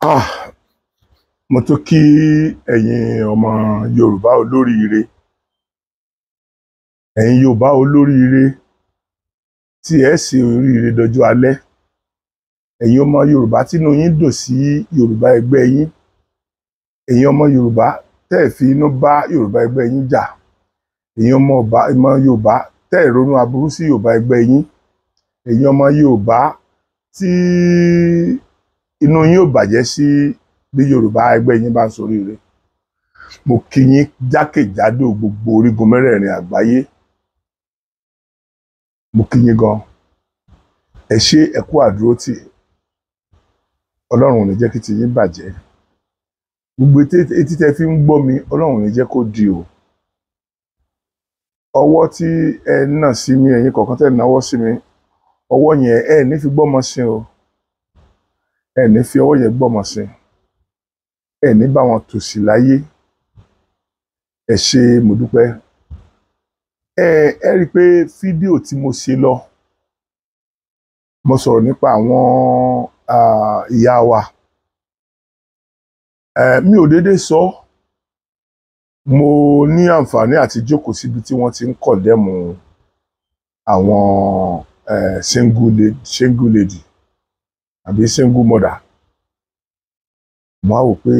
Ah, mo tún kí ẹ̀yin ọmọ Yorùbá olóríire ẹ̀yin Yorùbá olóríire tí ẹ sì oríire dọjọ́ alẹ́ ẹ̀yin ọmọ Yorùbá tínú yín dùn sí Yorùbá ẹgbẹ́ yín ẹ̀yin ọmọ Yorùbá tẹ́ ẹ̀ fi inú bá Yorùbá ẹgbẹ́ yín jà ẹ̀yin ọmọ Yorùbá tẹ́ ẹ̀ ronú aburú sí Yorùbá ẹgbẹ́ yín ẹ̀yin ọmọ Yorùbá tí. Tí inú yín ò bàjẹ́ sí bí Yorùbá ẹgbẹ́ yín bá ń ṣoríire mo kí yín jákèjádò gbogbo orígun mẹ́rẹ̀ẹ̀rin àgbáyé mo kí yín gan ẹ ṣe ẹ kú àdúrótì Ọlọ́run ò ní jẹ́ kí tiyín bàjẹ́ gbogbo etí tẹ fi ń gbọ́ mi Ọlọ́run ò ní jẹ́ kó di o ọwọ́ tí ẹ nà sí mi ẹ̀yin kọ̀ọ̀kan tẹ̀ owo sí mi ọwọ́ yẹn ẹ ní fi gbọ́mọ sí o. ẹ ní fi ọwọ́ yẹn gbọ́mọ sí ẹ ní bá wọn tòṣì láyé ẹ ṣe mo dúpẹ́ ẹ ẹ rí i pé fídíò tí mo ṣe lọ mo sọ̀rọ̀ nípa àwọn ìyá wa mi ò déédé sọ mo ní àǹfààní àti jókòó síbi tí wọ́n ti ń kọ̀dẹ́mu àwọn single lady àbí single mother mo á wò pé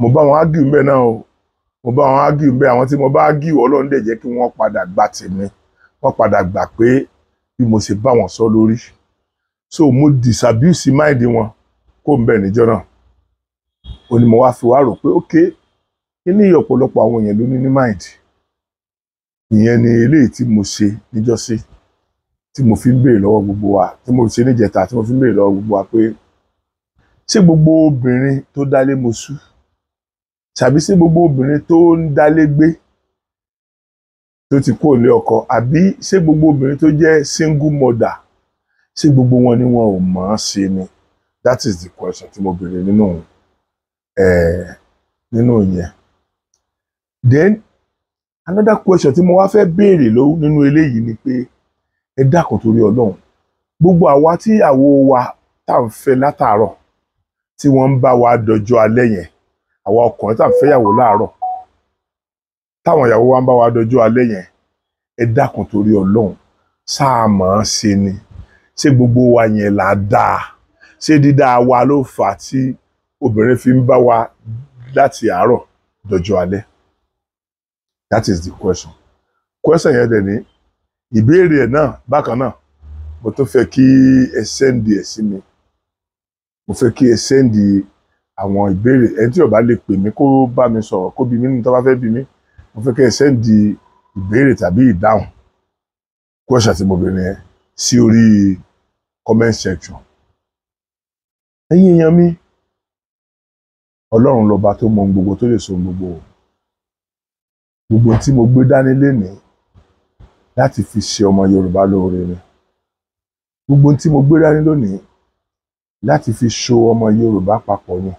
mo bá wọn ágìw mbẹ náà o mo bá wọn ágìw mbẹ àwọn tí mo bá ágìw Ọlọ́run dẹ̀ jẹ́ kí wọ́n padà gba tèmi wọ́n padà gbà pé bí mo ṣe bá wọn sọ lórí so mo disabuse mind wọn kó n bẹ níjọ́ náà ó ní mo wá fi wá rò pé ok kí ni ọ̀pọ̀lọpọ̀ àwọn èèyàn ló ní ní mind ìyẹn ni eléyìí tí mo ṣe níjọ́sí. Si tí mo fi ń béèrè lọ́wọ́ gbogbo wa tí mo ṣe níjẹta tí mo fi ń béèrè lọ́wọ́ gbogbo wa pé ṣé gbogbo obìnrin tó dálé mo sú tàbí ṣé gbogbo obìnrin tó ń dálé gbé tó ti kó ilé ọkọ àbí ṣé gbogbo obìnrin tó jẹ́ single mother ṣé gbogbo wọn ni wọn ò mọ̀ ọ́n ṣe ni that is the question tí mo béèrè nínú nínú yẹn then another question tí mo wá fẹ́ béèrè nínú eléyìí ni pé ẹ dákun torí ọlọ́run gbogbo àwa tí àwo wa tá ń fẹ́ látàárọ̀ tí wọ́n ń bá wa dọjọ́ alẹ́ yẹn àwa ọkùnrin tá ń fẹ́ yàwó láàárọ̀ táwọn ìyàwó wa ń bá wa dọjọ́ alẹ́ yẹn ẹ dákun torí ọlọ́run sáà ṣe ni ṣé gbogbo wa yẹn là á dáa ṣé dídá wa ló fà á tí obìnrin fi ń bá wa láti àárọ̀ dọjọ́ alẹ́ that is the question question yẹn dẹ̀ ni ìbéèrè ẹ̀ náà bákan náà mo tún fẹ́ kí ẹ sẹ́ndì ẹ̀ sí mi mo fẹ́ kí ẹ sẹ́ndì àwọn ìbéèrè ẹni tí ó bá lè pè mí kó bá mi sọ̀rọ̀ kó bí mi nínú tó bá fẹ́ bí mi mo fẹ́ kí ẹ sẹ́ndì ìbéèrè tàbí ìdáhùn kọ́ṣà tí mo bèrè yẹn sí orí comment section ẹ̀yin èèyàn mi ọlọ́run lọ́ba tó mọ ohun gbogbo tó lè so ohun gbogbo gbogbo tí mo gbé dání lénìí láti fi ṣe ọmọ Yorùbá lóore rẹ̀ gbogbo tí mo gbé dání lónìí láti fi so ọmọ Yorùbá papọ̀ ni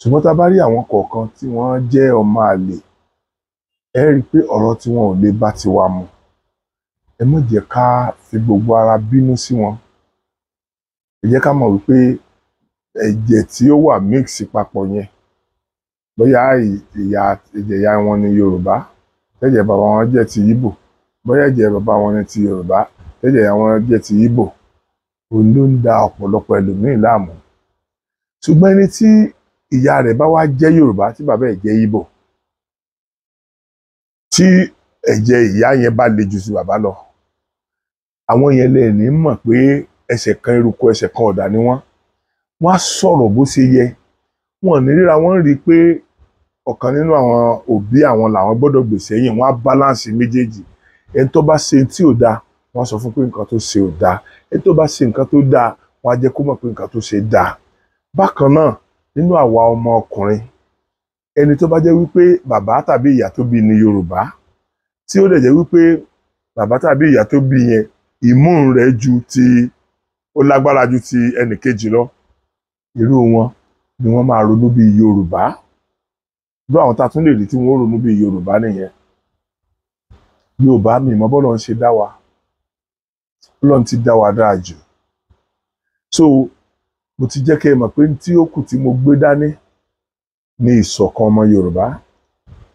ṣùgbọ́n tá a bá rí àwọn kọ̀ọ̀kan tí wọ́n jẹ́ ọmọ àlè ẹ rí i pé ọ̀rọ̀ tí wọn ò lè bá tiwa mu ẹ má jẹ́ ká fi gbogbo ara bínú sí wọn ẹ jẹ́ ká mọ̀ wípé ẹ̀jẹ̀ tí ó wà mix papọ̀ yẹn bóyá ìyá ẹ̀jẹ̀ ya wọn ni Yorùbá tẹ́jẹ̀ bàbá wọn jẹ́ ti Ìgbò bóyá ẹ̀jẹ̀ bàbá wọn ni ti Yorùbá tẹ́jẹ̀ àwọn jẹ́ ti Ìgbò òun ló ń da ọ̀pọ̀lọpọ̀ ẹlòmíín láàmú ṣùgbọ́n ẹni tí ìyá rẹ̀ bá wá jẹ́ Yorùbá tí bàbá ẹ̀ jẹ́ Ìgbò tí ẹ̀jẹ̀ ìyá yẹn bá le jù sí bàbá lọ àwọn yẹn lè ní mọ̀ pé ẹsẹ̀ kan eruku ẹsẹ̀ kan ọ̀dà ni wọ́n wọ́n á sọ̀rọ̀ bó ṣe yẹ wọ́n ní ríra wọ́n rí i pé ọ̀kan nínú àwọn òbí àwọn làwọn gbọ́dọ̀ gbèsè yìí wọ́n á balance méjèèjì ẹni tó bá ṣe tí ò dáa wọ́n á sọ fún pé nǹkan tó ṣe ò dáa ẹni tó bá ṣe nǹkan tó dáa wọ́n á jẹ́ kó mọ̀ pé nǹkan tó ṣe dáa bákan náà nínú àwa ọmọ ọkùnrin ẹni tó bá jẹ́ wípé bàbá tàbí ìyá tó bí ni Yorùbá tí ó dẹ̀ jẹ́ wípé bàbá tàbí ìyá tó bí yẹn ìmú rẹ̀ ju ti ó lágbára ju ti ẹnìkejì lọ irú wọn ni wọ́n máa ronú bí Yorùbá bí àwọn tá a tún lè rí tí wọ́n ronú bí yorùbá nìyẹn yorùbá mi ìmọ̀ bọ́lọ̀ ń ṣe dá wa ọlọ́run ti dá wa dáa jù so mo ti jẹ́ kí ẹ mọ̀ pé tí ó kù tí mo gbé dání ní ìṣọ̀kan ọmọ yorùbá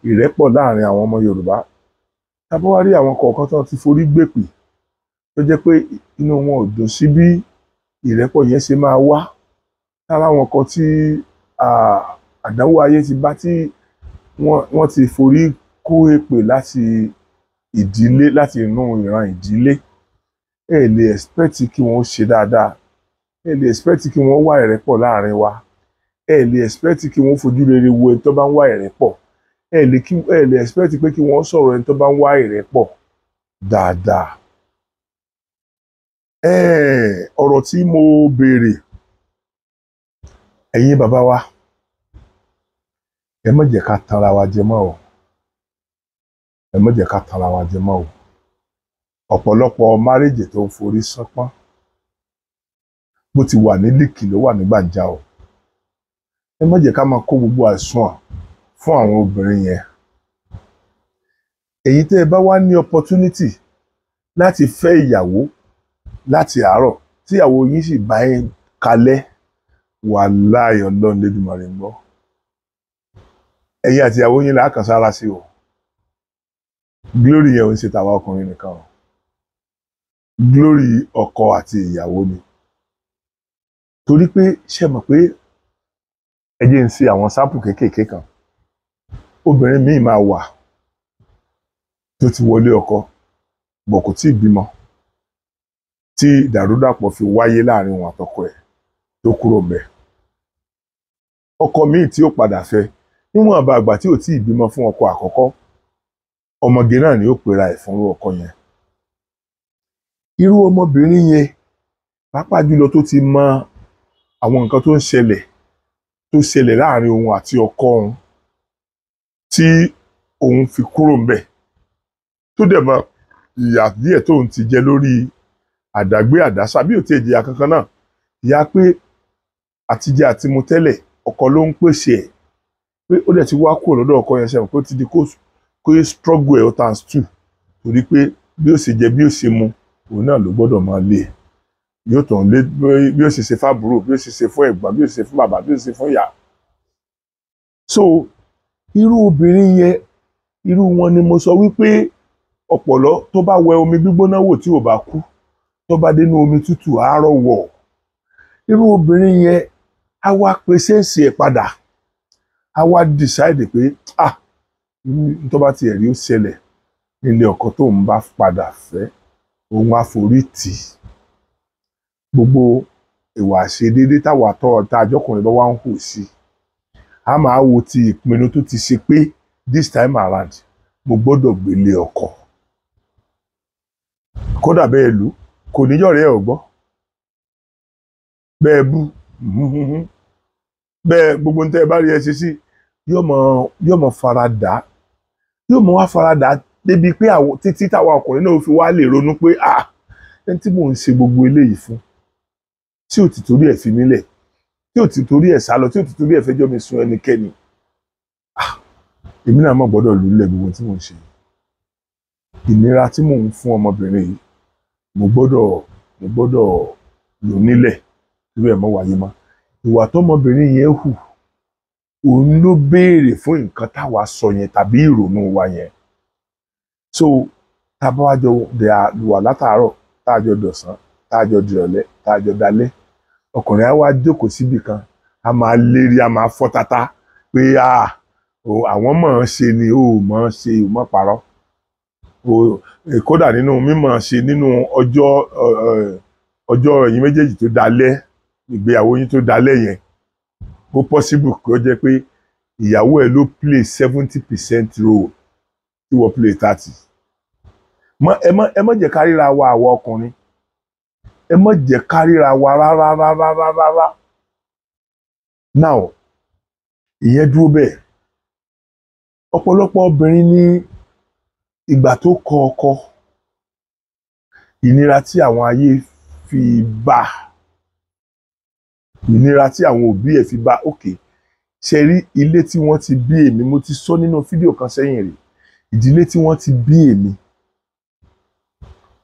ìrẹ́pọ̀ láàrin àwọn ọmọ yorùbá tábó wá rí àwọn kọ̀ọ̀kan tó ti forí gbèpè tó jẹ́ pé inú wọn ò dùn sí bí ìrẹ́pọ̀ yẹn ṣe máa wá lára àwọn kan tí àdánwò ayé ti bá tí wọ́n ti forí kó èpè láti ìdílé láti inú ìran ìdílé ẹ lè expect kí wọ́n ṣe dáadáa ẹ lè expect kí wọ́n wá ìrẹ́pọ̀ láàrin wa ẹ lè expect kí wọ́n fojú rere wo ẹni tó bá ń wá ìrẹ́pọ̀ ẹ lè kí ẹ lè expect pé kí wọ́n sọ̀rọ̀ ẹni tó bá ń wá ìrẹ́pọ̀ dáadáa. ọ̀rọ̀ tí mo béèrè ẹ̀yin bàbá wa ẹ má jẹ́ ká tanra wa jẹ mọ́ o ẹ má jẹ́ ká tanra wa jẹ mọ́ o ọ̀pọ̀lọpọ̀ márèjì tó ń forí sánpọ́n bó ti wà ní líkì ló wà ní gbàǹjà o ẹ má jẹ́ ká máa kó gbogbo àìsàn fún àwọn obìnrin yẹn èyí tẹ́ ẹ bá wá ní opportunity láti fẹ́ ìyàwó láti àárọ̀ tíyàwó yín sì bá yín kalẹ̀ wàláhì Ọlọ́run Olódùmarè ń gbọ́ ẹ̀yin àti ìyàwó yín làákàn sára sí o glory yẹn ò ń ṣe tàwa ọkùnrin nìkan o glory ọkọ àti ìyàwó ni torí pé ṣe mọ̀ pé ẹ jẹ́ ń ṣe àwọn sáàpù kéékèèké kan obìnrin míì máa wà tó ti wọlé ọkọ bọ̀ kò tíì bímọ tí ìdàrúdàpọ̀ fi wáyé láàrin wọn àtọkọ ẹ̀ tó kúrò ńbẹ̀ ọkọ míì tí ó padà fẹ́ níwọ̀n àbá àgbà tí ò tí ì bímọ fún ọkọ àkọ́kọ́ ọmọge náà ni ó pera ẹ̀ fúnrú ọkọ yẹn irú ọmọbìnrin yẹn pàápàá jùlọ tó ti mọ àwọn nǹkan tó ń ṣẹlẹ̀ tó ṣẹlẹ̀ láàrin òun àti ọkọ òun tí òun fi kúrò ń bẹ̀ tó dẹ̀ mọ ìyà díẹ̀ tóun ti jẹ lórí àdágbé àdásá bí ò tí ì jìyà kankan náà ìyá pé àtijẹ àtimu tẹ́lẹ̀ ọkọ ló ń pèsè ẹ̀ pé ó dẹ̀ ti wá kúrò lọ́dọ̀ ọkọ yẹn ṣe pé ó ti di kó kó yẹ struggle ẹ̀ ó times two torí pé bí ó ṣe jẹ bí ó ṣe mu òun náà ló gbọ́dọ̀ máa lé yóò tàn lé bí ó ṣe ṣe fábùrò bí ó ṣe ṣe fún ẹ̀gbọ́n bí ó ṣe fún bàbá bí ó ṣe fún ìyá. so irú obìnrin yẹn irú wọn ni mo sọ wípé ọ̀pọ̀lọ́ tó bá wẹ omi gbígbóná wò tí ò bá kú tó bá dénú omi tútù àárọ̀ wọ̀ irú obìnrin yẹn á wá pe ṣéǹsì ẹ̀ padà á wá decide pé ah tó bá ti ẹ̀rí ó ṣẹlẹ̀ nílé ọkọ ń bá padà fẹ́ òun á gbogbo ìwà àṣedédé táwa tọ́ ọ̀tá àjọkùnrin bá wá ń hù sí a máa wo ti ìpinnu tó ti ṣe pé this time around mo gbọ́dọ̀ gbélé ọkọ kódà bẹ́ẹ̀ kò ẹ̀ bẹ́ẹ̀ bẹ́ẹ̀ gbogbo ń tẹ́ ẹ bá rí yóò mọ yóò mọ faradà yóò mọ wá faradà débi pé àwọn títí táwa ọkùnrin náà fi wá lè ronú pé ah ẹni tí mò ń ṣe gbogbo eléyìí fún tí ò ti torí ẹ̀ fi nílẹ̀ tí ò ti torí ẹ̀ sá lọ tí ò ti torí ẹ̀ fẹjọ́ mi sun ẹnikẹ́ni ah èmi náà mọ̀ gbọ́dọ̀ lulẹ̀ gbogbo tí mò ń ṣe ìnira tí mò ń fún ọmọbìnrin yìí mo gbọ́dọ̀ mo gbọ́dọ̀ lò nílẹ̀ irú ẹ̀ mọ́ wáyé mọ́ ìwà tọmọbìnrin yẹn hù òun ló béèrè fún nǹkan táwa sọ yẹn tàbí ìrònú wa yẹn so tábà wá jọ wà látàárọ̀ táàjọ dọ̀sán táàjọ dìrọ̀lẹ́ táàjọ dalẹ́ ọkùnrin á wá jókòó síbì kan a máa lérí a máa fọ́ tata pé àwọn mọ̀ ọ́n ṣe ni ó mọ̀ ọ́n ṣe ó mọ̀ parọ́ e, kódà nínú mímọ̀ ṣe nínú ọjọ́ ọjọ́ ẹ̀yin méjèèjì tó dalẹ́ ìgbéyàwó yín tó dalẹ́ yẹn ó possible kó jẹ́ pé ìyàwó ẹ̀ ló play seventy percent role tí wọ́n play thirty ẹ má ẹ má jẹ́ ká ríra wa àwọn ọkùnrin ẹ má jẹ́ ká ríra wa rárá rárá rárá rárá now ìyẹn dúró bẹ́ẹ̀ ọ̀pọ̀lọpọ̀ obìnrin ní ìgbà tó kọ ọkọ ìnira tí àwọn ayé fi bá a ìnira tí àwọn òbí ẹ̀ fi bá òkè ṣe rí ilé tí wọ́n ti bí èmi mo ti sọ nínú fídíò kan sẹ́yìn rè ìdílé tí wọ́n ti bí èmi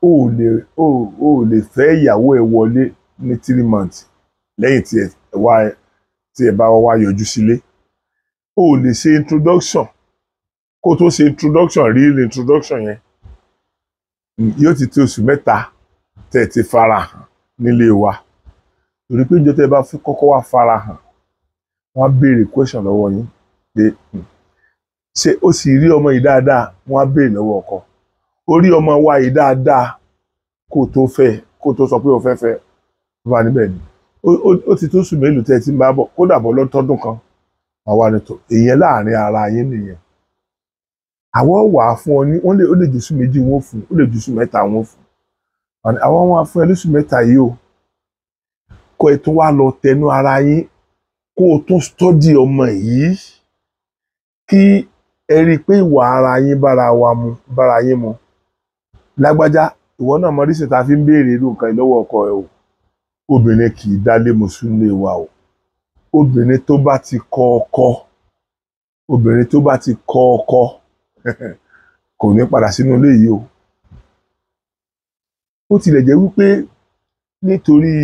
o ò lè o ò lè fẹ́ ìyàwó ẹ wọlé ní three months lẹ́yìn tí ẹ bá wá yọjú sílé o ò lè ṣe introduction kó tó ṣe introduction real introduction yẹn yóò ti tó oṣù mẹ́ta tẹ̀ ti fara hàn nílé wa torí pé ìjọ tẹ́ bá fi kọ́kọ́ wá farahàn wọ́n á béèrè question lọ́wọ́ yín pé hmm, ṣé ó sì rí ọmọ yìí dáadáa wọ́n á béèrè lọ́wọ́ ọkọ ó rí ọmọ wa yìí dáadáa kó tó fẹ́ kó tó sọ pé ó fẹ́ fẹ́ wà níbẹ̀ ni ó ti tó sùn mélòó tẹ́ ti ń bá bọ̀ kódà bọ̀ lọ́tọ́dún kan àwa ni tó èèyàn láàrin ara yín nìyẹn àwọn wà á fún ọ ní wọ́n lè ó lè jù sùn méjì wọ́n fún ó lè jù sùn mẹ́ta wọ́n fún àwọn wọn á fún ẹ lóṣù mẹ́ta yìí o kọ́ ẹ tún wá lọ tẹnu ara yín kó o tún stọ́dì ọmọ yìí kí ẹ rí i pé ìwà ara yín bára wa mu bára yín mu lágbájá ìwọ náà mọ rísìn tá a fi ń béèrè irú nǹkan ìlọ́wọ́ ọkọ ẹ o obìnrin kì í dálé mùsùlùmí wa o obìnrin tó bá ti kọ ọkọ obìnrin tó bá ti kọ ọkọ kò ní padà sínú ilé yìí o ó tilẹ̀ jẹ́ wípé nítorí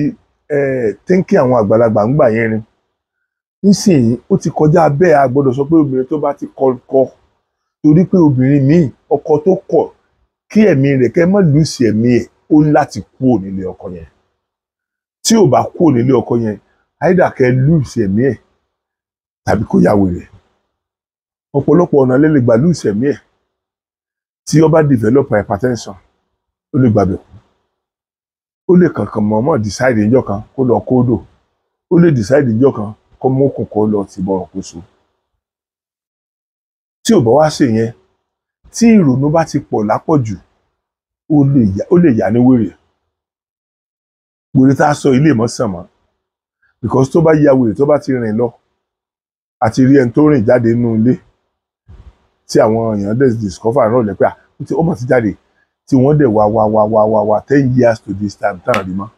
tẹ́ńkì àwọn àgbàlagbà ń gbà yẹn ni nísìnyí ó ti kọjá bẹ́ẹ̀ a gbọ́dọ̀ sọ pé obìnrin tó bá ti kọ kọ torí pé obìnrin míì ọkọ tó kọ kí ẹ̀mí rẹ̀ kẹ́ mọ́ lùsì ẹ̀mí ẹ̀ ó láti kú nílé ọkọ yẹn tí ò bá kú nílé ọkọ yẹn àìdá kẹ́ lùsì ẹ̀mí ẹ̀ tàbí kó yà wèrè ọ̀pọ̀lọpọ̀ ọ̀nà lè lè gbà lùsì ẹ̀mí ẹ̀ tí ó bá develop hypertension ó lè gbàgbé ó lè kankan mọ̀ọ́mọ̀ decide ìjọ kan kó lọ kódò ó lè decide ìjọ kan kó mókùn kó lọ ti bọ̀rọ̀ kó so. tí ò bá wá ṣe yẹn tí ìrònú bá ti pọ̀ lápọ̀jù ó lè yà ní wèrè wèrè tá a sọ ilé ìmọ̀sán mọ́ because tó bá ya wèrè tó bá ti rìn lọ àti rí ẹni tó rìn jáde nínú ilé tí àwọn èèyàn dẹ̀ discover náà lẹ́pẹ́ à ó mọ̀ ti jáde tí wọ́n dẹ̀ wá wá wá wá wá wá ten years to this time tán rí mọ́.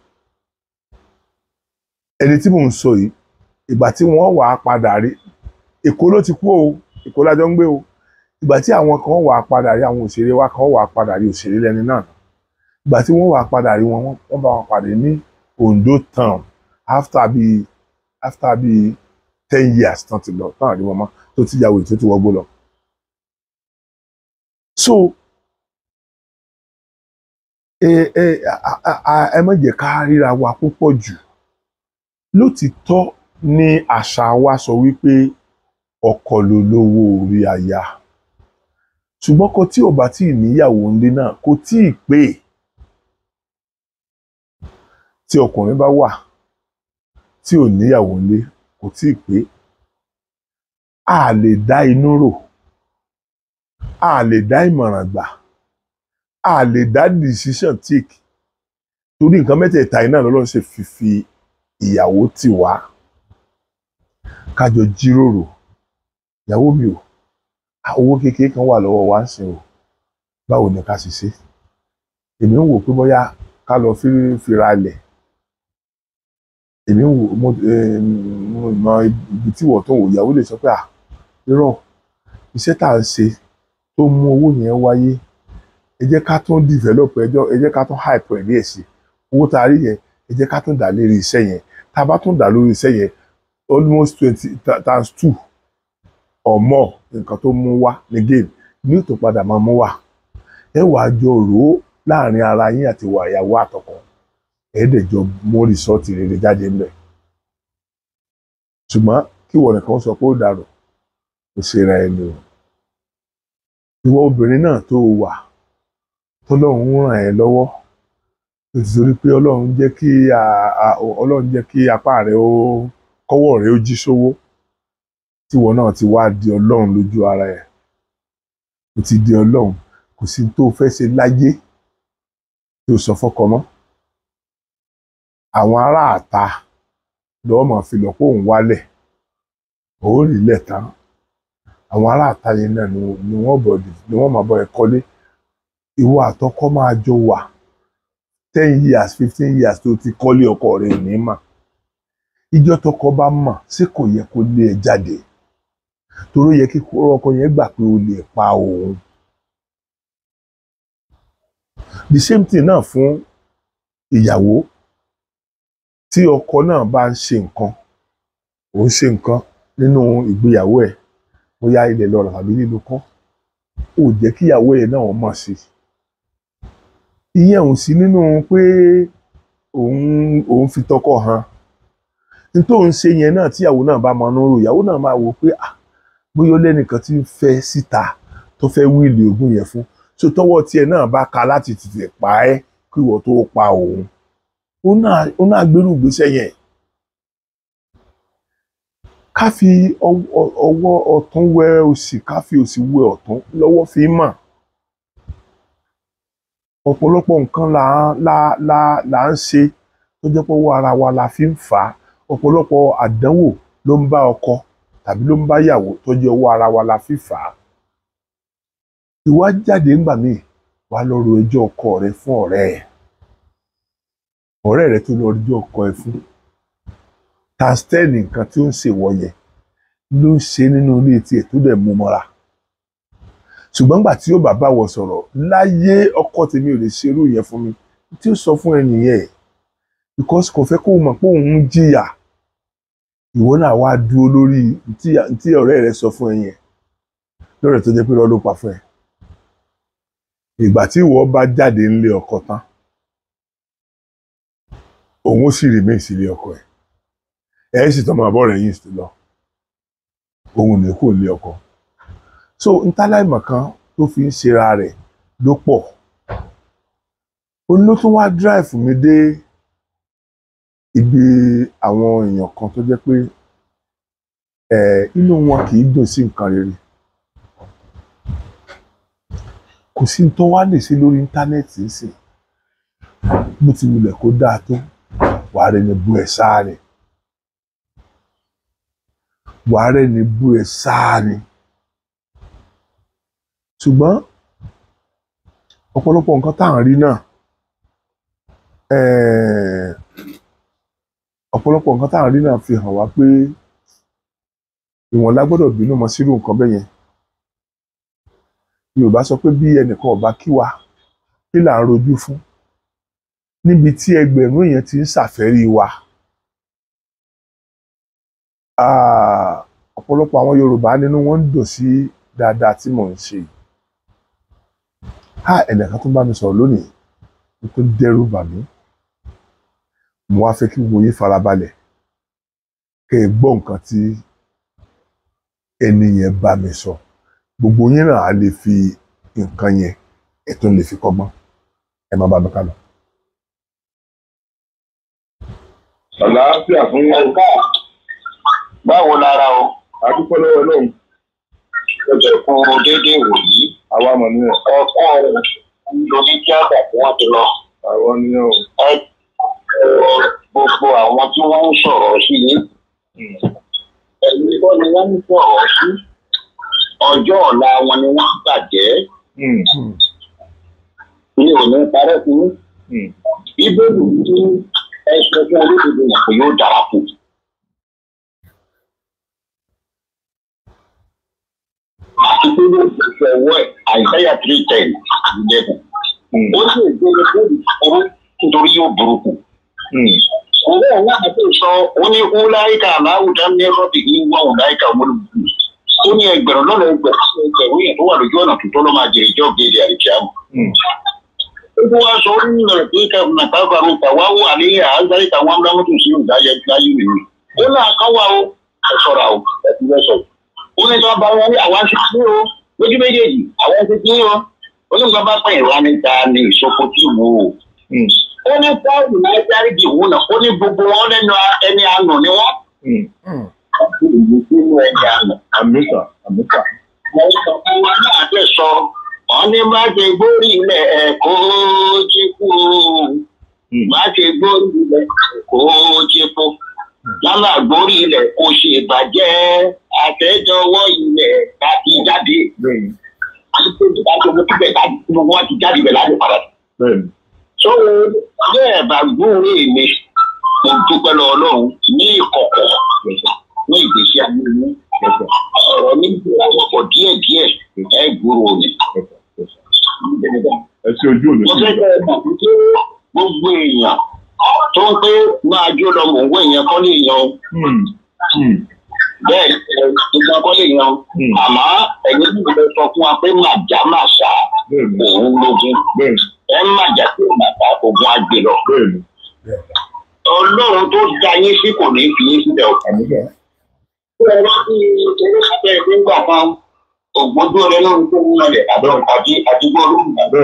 ẹni tí mò ń sọ yìí ìgbà tí wọ́n wà á padà rí èkó ló ti kú o èkó lájọ ń gbé o ìgbà tí àwọn kan wà á padà rí àwọn òṣèré wa kan wà á padà rí òṣèré lẹ́ni náà ìgbà tí wọ́n wà á padà rí wọn wọ́n bá wọn pàdé ní Ondo town after bíi after bíi ten years tán ti lọ tán àrí wọn mọ́ tó ti yàwó tó ti wọgbó lọ. so ẹ má jẹ́ ká ríra wa púpọ̀ jù lótìtọ́ ni àṣà wa sọ wípé ọkọ ló lówó orí aya ṣùgbọ́n kó tí ò bá tí ì níyàwó ńlé náà kó tí ì pé tí ọkùnrin bá wà tí ò níyàwó ńlé kò tí ì pé a lè dá inú rò a lè dá ìmọ̀ràn gbà a lè dá decision take torí nǹkan mẹ́tẹ̀ẹ̀ta iná lọ́lọ́run ṣe fífi ìyàwó tì wá kájọ jíròrò ìyàwó mi o owó kékeré kan wà lọ́wọ́ wa ń sìn o báwo ni ká sì ṣe èmi ń wò pé bóyá ká lọ fira lẹ̀ èmi ń wò mo eh, mọ ibi tí wọ́n tó wò ìyàwó lè sọ pé à irọ́ iṣẹ́ tá à ń ṣe tó mú owó yẹn wáyé ẹ jẹ́ ká tún develop ẹjọ́ ẹ jẹ́ ká tún hype ẹ̀ díẹ̀ sí owó tá a rí yẹn ẹ jẹ́ ká tún dà lérí iṣẹ́ yẹn tá a bá tún dà lórí iṣẹ́ yẹn almost twenty times two or more nǹkan tó mú wá ní game ní ètò padà máa mú wá ẹ wàá jọ rò ó láàrin ara yín àti wà ìyàwó àtọkọ ẹ dẹ̀ jọ mú rìsọ́ọ̀tì rere jáde ńbẹ̀ ṣùgbọ́n kí wọ́n nìkan sọ pé ó dàrú kò ṣe ra ẹni o ìwọ obìnrin náà tó wà tọ́lọ́run ràn ẹ́ lọ́wọ́ nítorí pé ọlọ́run jẹ́ kí ọlọ́run jẹ́ kí apá rẹ ó kọ́wọ́ rẹ ó jí sówó tíwọ náà ti wá di ọlọ́run lójú ara ẹ̀ ó ti di ọlọ́run kò sí tó fẹ́ ṣe láyé tí ó sọ fọ́kọ mọ́ àwọn aráàta lọ́wọ́ máa fi lọ́pọ̀ òun wálẹ̀ òórì lẹ̀ tán àwọn aráàta yẹn náà ni wọ́n máa bọ̀ ẹ̀kọ́lé ìwọ àtọkọ máa jọ wà ten years fifteen years tó ti kọ́lé ọkọ rẹ ò ní mà ìjọ tọkọ bá mà ṣé kò yẹ kó lé ẹ jáde torí ó yẹ kí ọkọ yẹn gbà pé o lè pa òun the same thing náà fún ìyàwó tí ọkọ náà bá ń ṣe nǹkan ò ń ṣe nǹkan nínú ìgbéyàwó ẹ bóyá ilẹ̀ lọ́rọ̀ tàbí nínú kọ́ ò jẹ́ kíyàwó ẹ náà mọ̀ sí i ìyẹn ò sí nínú pé òun fi tọkọ hàn nítòun ṣe yẹn náà tíyàwó náà bá mọ inú rò ìyàwó náà máa wò pé ah bóyá ó lẹ́nìkan tí ń fẹ́ síta tó fẹ́ wíìlì ogún yẹn fún tó tọwọ́ tiẹ̀ náà bá ka láti tètè pa ẹ́ kí ìwọ tó pa òun ó náà ó náà gbérù ìgbésẹ̀ yẹn ká fi ọwọ́ ọ̀tún wẹ òsì ká fi òsì wẹ ọ̀tún lọ́wọ́ fi mọ̀ ọ̀pọ̀lọpọ̀ nǹkan là là là là ń ṣe tó jẹ́ pé owó ara wa la fi ń fà á ọ̀pọ̀lọpọ̀ àdánwò ló ń bá ọkọ tàbí ló ń bá ìyàwó tó jẹ́ owó ara wa la fi fà á. ìwà jáde ńgbà míì wà á lọ ro ẹjọ́ ọkọ rẹ fún ọ̀rẹ́ ẹ̀ ọ̀rẹ́ rẹ tó lọ ro ẹjọ́ ọkọ ẹ fún tastẹ́ẹ̀nì nǹkan tí ó ń ṣèwọ yẹn ló ń ṣe nínú ilé tiẹ̀ tó dẹ̀ mú mọ́ra ṣùgbọ́n gbà tí ó bàbá wọ sọ̀rọ̀ láyé ọkọ tèmi ò lè ṣerú yẹn fún mi tí ó sọ fún ẹnì yẹn because kò fẹ́ kó o mọ̀ pé òun ń jìyà ìwọ náà wá dúró lórí tí ọ̀rẹ́ rẹ sọ fún ẹ yẹn lọ́rẹ̀ tó jẹ́ pé lọ́ọ́ ló pa fún ẹ ìgbà tí ìwọ bá jáde ńlé ọkọ tán òun ó sì remain sílé ọkọ ẹ ẹ sì tọmọ àbọ̀ rẹ̀ yìí lọ òun ò ní kó lé ọkọ so ntálàìmọ̀ kan tó fi ń ṣera rẹ̀ ló pọ̀ òun ló tún wá drive mi dé ibi àwọn èèyàn kan tó jẹ́ pé ẹ̀ inú wọn kì í dùn sí nǹkan rere kò sí tó wá lè ṣe lórí íńtánẹ́ẹ̀tì ṣe bó ti wulẹ̀ kó dáa tó wàá rẹ ni bú ẹ sáà ni wàá rẹ ni bú ẹ sáà ṣùgbọ́n ọ̀pọ̀lọpọ̀ nǹkan tá à ń rí náà eh, ọ̀pọ̀lọpọ̀ nǹkan tá à ń rí náà fi hàn wá pé ìwọ̀n la gbọ́dọ̀ bínú mọ́ sírú nǹkan bẹ́ẹ̀ yẹn Yorùbá sọ pé bí ẹnìkan ò bá kí wa kí là ń rojú fún níbi tí ẹgbẹ̀rún èèyàn ti ń ṣàfẹ́rí wa ah, ọ̀pọ̀lọpọ̀ àwọn Yorùbá nínú wọn ń dùn sí dáadáa tí mò ń ṣe yìí ha ẹ̀dẹ̀ kan tó bá mi sọ̀rọ̀ lónìí ó tó dẹ́rù bà mí mo wá fẹ́ kí gbogbo yín farabalẹ̀ kẹ́ ẹ gbọ́ nǹkan tí ẹni yẹn bá mi sọ gbogbo yín náà á lè fi nǹkan yẹn ẹ tún lè fi kọ́gbọ́n ẹ má bá mi ká lọ. àlàáfíà fún wọn. ọ̀gá báwo lára o. àdúpọ̀ lọ́wọ́ lóhùn. ẹ̀jẹ̀ kan déédéé wò yìí àwa mọ̀ nìyẹn. ọ̀pọ̀ lórí tíátà tí wọ́n ti lọ. àwọn nìyẹn o. ẹ gbogbo àwọn tí wọ́n ń sọ̀rọ̀ sí yín. ẹ̀yin kọ́ ni wọ́n ń sọ̀rọ̀ sí. ọjọ́ ọ̀la wọn ni wọ́n bàjẹ́. Hmm. mi ò ní parẹ́ fún. Hmm. bíbélì ní ẹ̀sùn fún olódodo yàtọ̀ yóò dára fún àti pé ní ìgbésẹ̀ ọwọ́ ẹ̀ àìsáyà three ten ìdẹ́kùn. ó sì ń gbé ní fún ìṣòro nítorí yóò burúkú. òwe ọ̀la àti ìsọ ó ní wúláìka aláwùdá ní rọ́bì ní wá wúláìka ọmọlúwùú. ó ní ẹgbẹ̀rún lọ́nà ẹgbẹ̀rún ẹgbẹ̀rún yẹn tó wà lójú ọ̀nà tó tọ́lọ́ máa jẹ ìjọ gèdè àríkíámù. Gbogbo wa sọ ní Nàìjíríà nàìjíríà rúpa wá wò àníyàn àgbáríta wọn dáhùn tó sí ìdájẹ́ ìdájẹ́ ìlú. Ó là káwá o, ẹ sọ̀rọ̀ o, ẹ wọn ní wọn bá wọn rí àwọn aṣáájú o lójú méjèèjì àwọn ti dín wọn onígbà bá pè wá níta ní ìṣòfò tí wò ó. Hmm. ó ní fáwọn ìlà ìdáríjì wò náà ó ní gbogbo wọn lẹ́nu ẹni àná ni wọn. àmíkà àmíkà. mo sọ fún ní má ṣe gbórí ilẹ̀ ẹ̀kọ́ jí hmm. má ṣe gbórí ilẹ̀ ẹ̀kọ́ jí yálà gbórí ilẹ̀ kò ṣe ìbàjẹ́ àtẹ́jọwọ́ ilẹ̀ bá ti jáde àtúntò ìdájọ́ ọmọ pípẹ́ jáde tí gbogbo ti jáde bẹ̀ láti padà. so bẹ́ẹ̀ bá gbóòrè mi mo dúpẹ́ lọ ọlọ́run ní ìkọ̀kọ̀ ní ìgbésí ayé mi ọ̀rọ̀ mi ọ̀pọ̀ díẹ̀díẹ̀ ẹ̀ gbòòrò mi. ẹ ṣe ojú òní. mo fẹ́ kẹ́ ẹ gbàgbé gbogbo èèyàn tó ń pé máa jó lọ mò ń wé yẹn kọ́ lè yan hmm. hmm. bẹ́ẹ̀ nǹkan kọ́ lè yan hmm. àmọ́ ẹ̀yin ló lè sọ fún wa pé màjá màṣá òun lógún ẹ màjá tó màṣá ògùn àgbè lọ ọlọ́run tó dá yín sí kò ní fi yín sílẹ̀ o. ṣé ẹ ti ṣeré sábẹ́ ẹgbẹ́ gbà kan ògbójú ọ̀rẹ́ lórí tó ń rẹ̀ àbí àdúgbò lórí àbí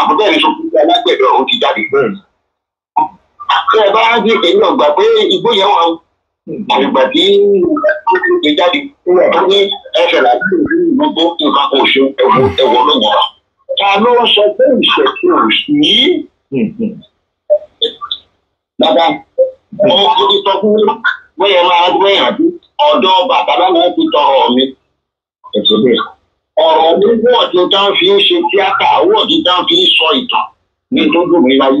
àbúrò ìṣòkòtò alágbẹ̀dọ̀ ó ti jáde tí ẹ bá rí èmi ọgbà pé igbó yẹn wà àgbà tí ó ti jáde tó ní ẹsẹ̀ láti gbogbo nǹkan kò ṣe ẹ̀wọ̀ ẹ̀wọ̀ ló yẹn wa. ta ló sọ pé ìṣẹ̀tì ò sí. bàbá mo mo ti sọ fún bóyá máa gbẹ̀yànjú ọ̀dọ́ bàbá náà ti tọrọ mi. ọ̀rọ̀ gbogbo ọ̀dún tá fi ń ṣe tíátà owó ọ̀dún tá fi ń sọ ìtàn ní tó dùn mí láyé.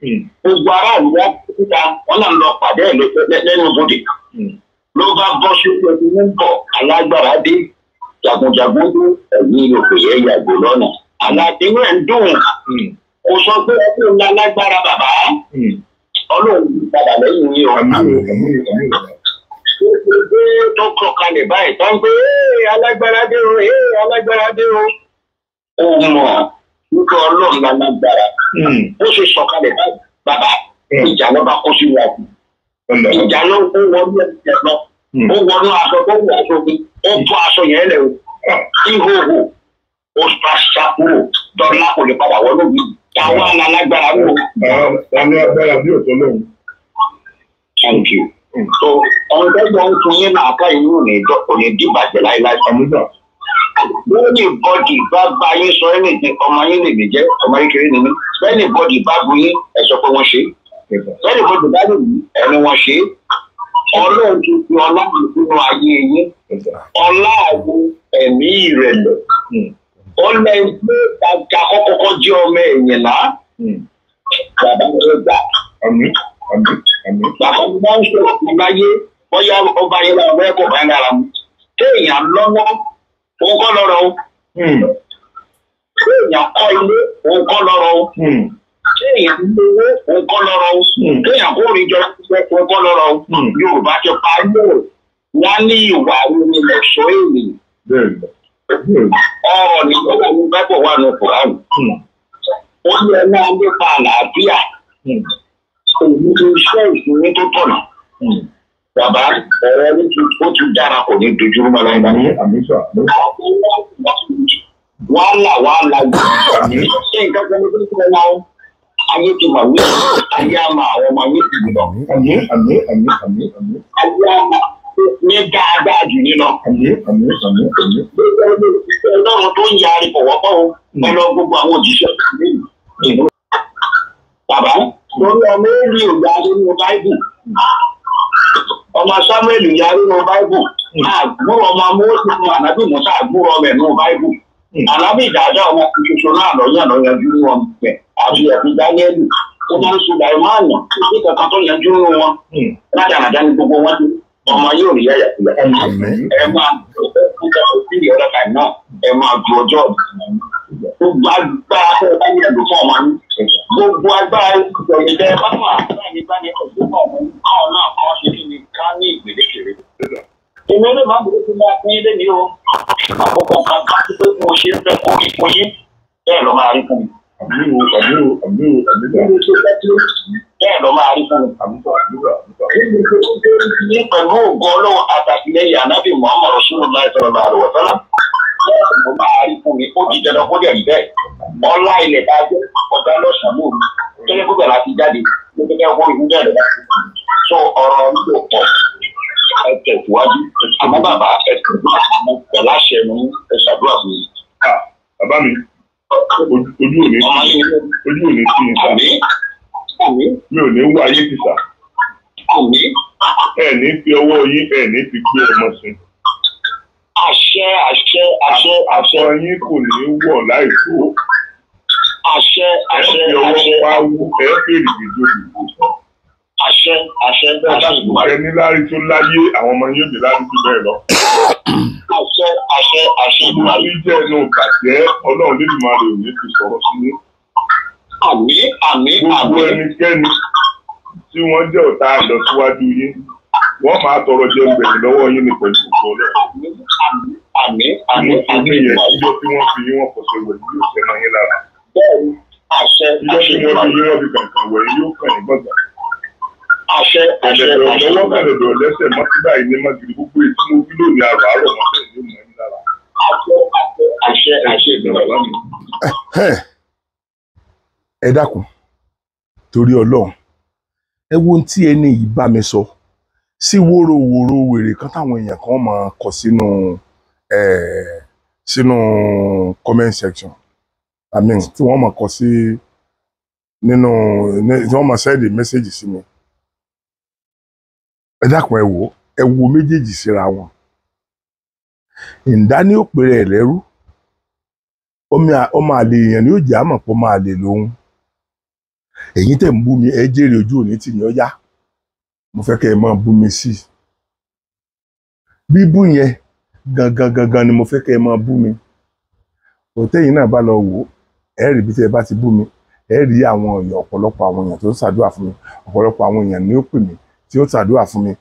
Hmm. gbogbo aráàlú wọn kúta wọn náà lọ pàdé ẹ lẹ́nu bòde hmm. ló bá bọ́ sókè tí wọ́n alágbára dé jagunjagun ló ẹ̀yìn òkè yẹn yàgò lọ́nà aládéwé ń dùn hmm. kò sọ pé ọdún ńlá lágbára bàbá ọlọ́run padà lẹ́yìn yìí ọ̀nà gbogbo tó kọ kalẹ̀ báyìí tó ń alágbára dé o alágbára dé o. ó mọ̀ nígbà ọlọ́run la lágbára hmm. bó ṣe sọ̀kalẹ̀ báyìí bàbá ìjà lọ́ba kó sí wa kù ìjà ló ń wọnú ẹ̀ lọ hmm. ó wọnú aṣọ tó wọ aṣọ mi ó hmm. tó aṣọ yẹn lẹ̀ o ah. ìhòòhò ó sọ aṣá kúrò dọ́là kò lè padà wọnú mi táwọn alágbára wò. àwọn agbára bí òtọ́ lóhùn. thank you. so ọ̀n tẹ́jọ́ ń tún yín náà ká inú òní dìbàjẹ́ láéláé bẹ́ẹ̀ni bọ́dì bá ba yín sọ ẹ́ nìkan ọmọ yín lè mí jẹ́ ọmọ yín kiri nìyí bẹ́ẹ̀ni bọ́dì bá bu yín ẹ sọ pé wọ́n ṣe bẹ́ẹ̀ni bọ́dì bá lè mí ẹni wọ́n ṣe ọlọ́run ti fi ọlọ́run sínú ayé yín ọláàwọ ẹ̀mí ìrẹ̀lẹ̀ ọlọ́ ẹgbẹ́ ìtajà kọ́kọ́kọ́ jẹ́ ọmọ ẹ̀yìn lá bàbá tó gbà bàbá tó bá ń sọ̀rọ̀ láyé bóyá ọba yẹn lọ́wọ́ ẹ̀kọ́ kan lára mu téèyàn lọ́wọ́ òun kọ́ lọ́rọ̀ o hmm. ṣé èèyàn ilé òun kọ́ lọ́rọ̀ o hmm. ṣé lówó òun kọ́ lọ́rọ̀ o hmm. ṣé èèyàn jọ òun kọ́ lọ́rọ̀ o Yorùbá ti pa ilé wọn ní ìwà onílẹ̀ sọ èèyàn ọ̀rọ̀ ní ọlọ́run gbẹ́bọ̀ wà ní kùránù ó yẹ náà nípa àlàáfíà òun ti iṣẹ́ ìsinmi tó tọ̀nà bàbá ọ̀rọ̀ ló ti ó ti dára kò ní dojúrú ma láyé láyé. wàhálà wàhálà gbòòrò ṣé nǹkan kan ló ń bọ̀ náà ayé ti mà wí ayé àmà àwọn ọmọ ayé ti gbọ̀. ayé àmà ní dáadáa jù ní lọ. ọlọ́run tó ń yarí kọ̀ wọ́pọ̀ o ọlọ́ gbogbo àwọn òjíṣẹ́ bàbá lórí ọmọ orí ògbà nínú báíbù ọmọ samuel yarí nu báíbù àgbúrò hmm. ọmọ amóhùn nu ànábì musa àgbúrò ọmọ ẹnu báíbù hmm. ànábì dàda ọmọ tuntun náà lọ́yàn lọ́yàn bí wọn bẹ̀ àti ẹ̀bí dáníẹ́lì tó máa ń sùn dàìmọ́ àná sí kankan tó yanjú wọn hmm. látàràdá ní gbogbo wọn dé ọmọ yóò rí àyà tó yà ẹ máa kúkà òfin ìyọ̀rọ̀ kan náà ẹ máa ju ọjọ́ gbogbo agbára ẹ yẹ lò fún ọmọ yín gbogbo agbára ìṣẹ̀lẹ̀ ẹ bá wà láàyè bá ní ọdún náà káwọn náà kọ́ ṣe kí ni ká ní ìgbèdékèrè. èmi ló máa bèrè fún wa fún ilé mi o àkókò kan ká sí pé mo ṣe fẹ́ kó mi fún yín bẹ́ẹ̀ ló máa rí fún mi. àbúrò àbúrò àbúrò bẹ́ẹ̀ lọ máa rí fún mi. ní pẹ̀lú ògo ọlọ́run àtàkìlẹ́yìn ànábì muhammad rasulullah sallallahu alaihi wa sallam bẹ́ẹ̀ lọ máa rí fún mi ó di dandan kó dẹ̀ rí bẹ́ẹ̀ ọlá ilẹ̀ bá jẹ́ ọ̀dà lọ́sàn-án lóru kẹ́kẹ́ kó bẹ̀rẹ̀ àti jáde ló kẹ́ wọ́n ìdúgbẹ́ rẹ̀ so ọ̀rọ̀ yóò pọ̀ ẹ tẹ̀síwájú àmọ́ bàbá ẹ tẹ̀síwájú pẹ̀lú àṣẹ mi ẹ ṣàdúrà fún mi. Ah, bàbá mi ojú òní ojú òní sí i mi ò ní wá ayé tìta ẹ ní fi ọwọ́ yín ẹ ní fi gbé ọmọ sí. àṣẹ àṣẹ àṣẹ àṣẹ. aṣọ yín kò ní wọ̀ láì tó. àṣẹ àṣẹ àṣẹ. ẹ fi ọwọ́ pa wú ẹ fèrè gbèdó gbèdó. àṣẹ àṣẹ àṣẹ. ẹ ní lárí tó láyé àwọn ọmọ yóò dé lárí tó bẹ́ẹ̀ lọ. àṣẹ àṣẹ àṣẹ. olúwa ní jẹ́ ẹnu bàjẹ́ ọlọ́run lè dùn máa lè òye ti sọ̀rọ̀ sí i àmì àmì àmì. gbogbo ẹnikẹ́ni tí wọ́n jẹ́ ọ̀tá àlọ́síwájú yín wọ́n máa tọrọ jẹ gbẹ̀yìn lọ́wọ́ yín ní pẹ̀lú gbogbo ọlọ́run. àmì àmì àmì ìwà ìjọ tí wọ́n fi yín wọ́n kò ṣe wẹ̀ yóò fẹ́ máa yín lára. bẹ́ẹ̀ni àṣẹ àṣẹ ìjọ tí wọ́n fi yín wọ́n wẹ̀ yóò kàn yín gbọ̀ngàn. àṣẹ àṣẹ àṣẹ ọ̀dọ́wọ́ kẹlẹ̀dọ̀ lẹ́sẹ̀ mọ́tíbà yìí ní májèlé ẹ torí ọlọ́run ẹ wo tí ẹni yìí bá mi sọ sí wóróworó wèrè kan táwọn èèyàn kan máa kọ sínú sínú comment section i mean tí wọ́n máa kọ sí nínú tí wọ́n máa send message sí mi ẹ dákun ẹ wò ẹ wo méjèèjì síra wọn ǹdá ní òpèrè ẹ̀ ọmọ àlè èèyàn ni ó jẹ́ àmọ̀ pọ̀ máa lè lóhun ẹ̀yin tẹ̀ ń bú mi ẹ jèrè ojú òní tì mí ọ mo fẹ́ kẹ́ ẹ máa bú mi sí i bíbú yẹn gangan gangan ni mo fẹ́ kẹ́ ẹ máa bú mi òtẹ́yìn náà bá lọ wò ó ẹ rí bí tẹ́ ẹ bá ti bú mi ẹ rí àwọn èèyàn ọ̀pọ̀lọpọ̀ àwọn èèyàn tó ń ṣàdúrà fún mi ọ̀pọ̀lọpọ̀ àwọn èèyàn ni ó pè mí tí ó ṣàdúrà fún mi